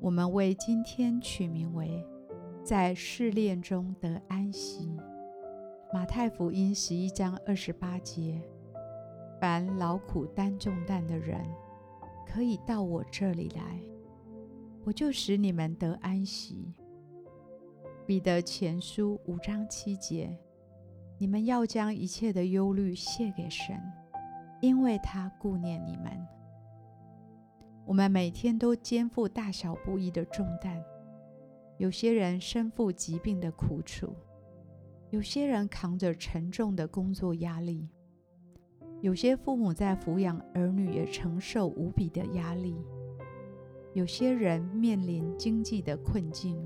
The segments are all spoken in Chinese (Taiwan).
我們為今天取名為“在試煉中得安息”。馬太福音十一章二十八節：“凡勞苦擔重擔的人，可以到我這裡來，我就使你們得安息。”彼得前書五章七節：“你們要將一切的憂慮卸給神，因為他顧念你們。”我們每天都肩負大小不一的重擔，有些人身負疾病的苦楚，有些人扛着沉重的工作壓力，有些父母在撫養兒女，也承受無比的壓力，有些人面臨經濟的困境，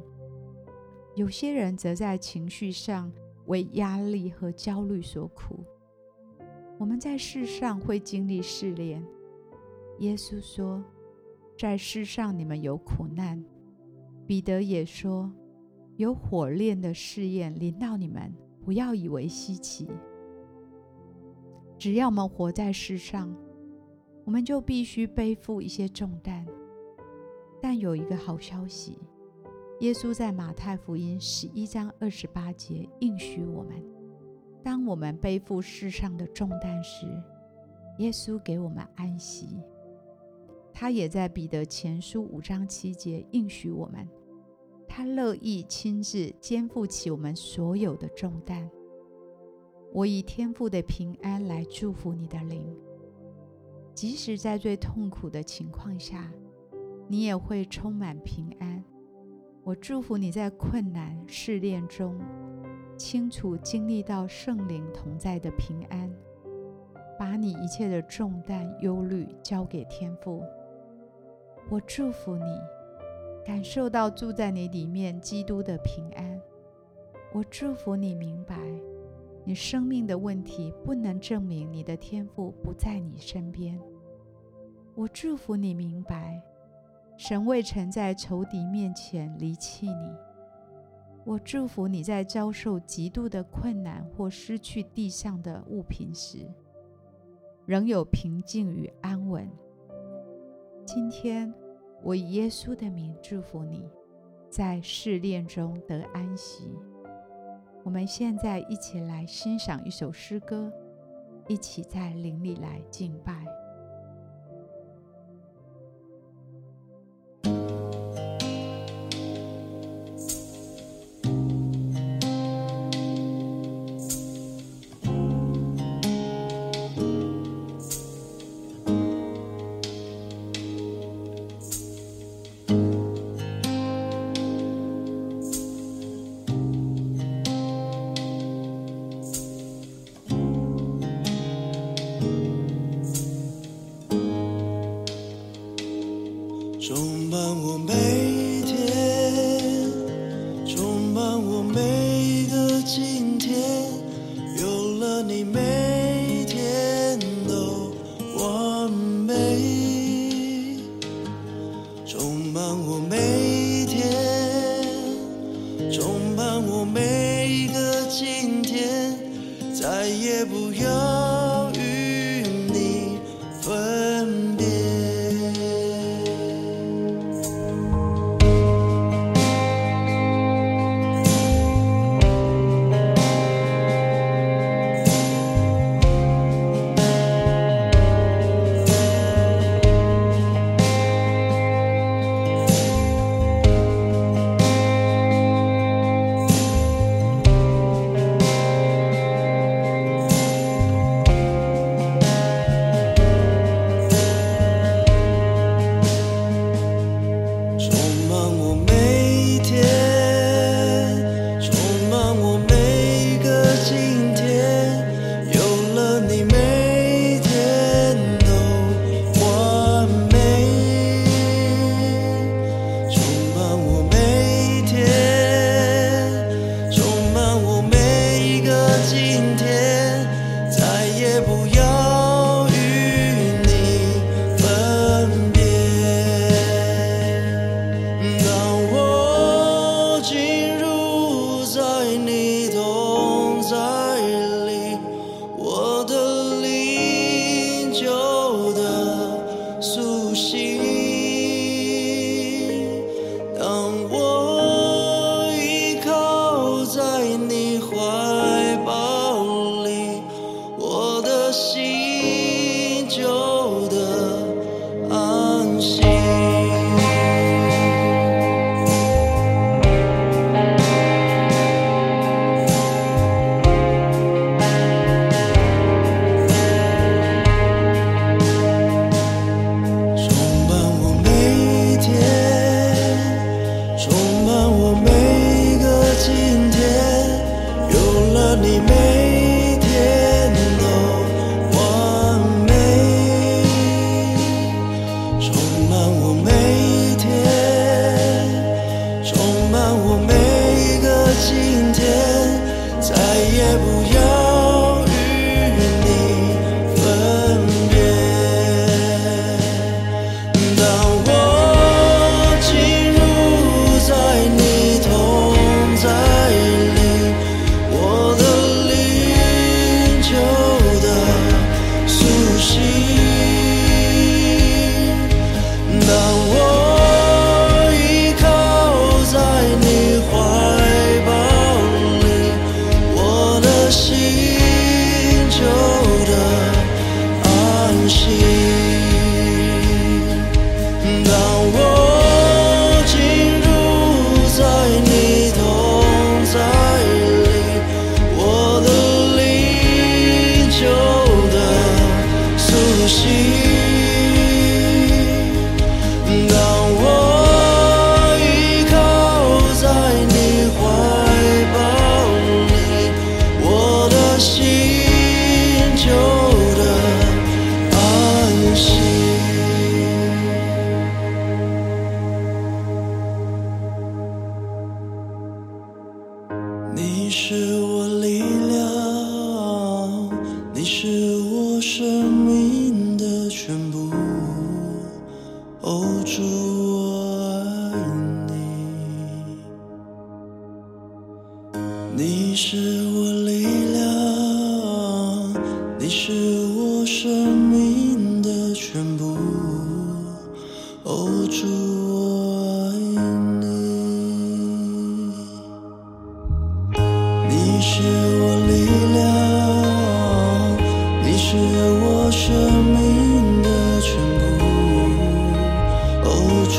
有些人則在情緒上為壓力和焦慮所苦。我們在世上會經歷試煉，耶穌說。在世上，你們有苦難。彼得也說，有火煉的試驗臨到你們，不要以為稀奇。只要我們活在世上，我們就必須背負一些重擔。但有一個好消息，耶穌在馬太福音十一章二十八節應許我們：當我們背負世上的重擔時，耶穌給我們安息。他也在彼得前書五章七節應許我們，他樂意親自肩負起我們所有的重擔。我以天父的平安來祝福你的靈，即使在最痛苦的情況下，你也會充滿平安。我祝福你在困難試煉中清楚經歷到聖靈同在的平安，把你一切的重擔憂慮交給天父。我祝福你，感受到住在你裡面基督的平安。我祝福你明白，你生命的問題不能證明你的天父不在你身邊。我祝福你明白，神未曾在仇敵面前離棄你。我祝福你在遭受極度的困難或失去地上的物品時，仍有平靜與安穩。今天我以耶穌的名祝福你，在試煉中得安息。我們現在一起來欣賞一首詩歌，一起在靈裡來敬拜。充滿我每一天，充滿我每一個今天，有了你每天都完美。充滿我每一天，充滿我每一個今天，再也不用。你是我力量，你是我生命的全部。哦，主，我愛你。你是我力量，你是我生命的全部。哦，主。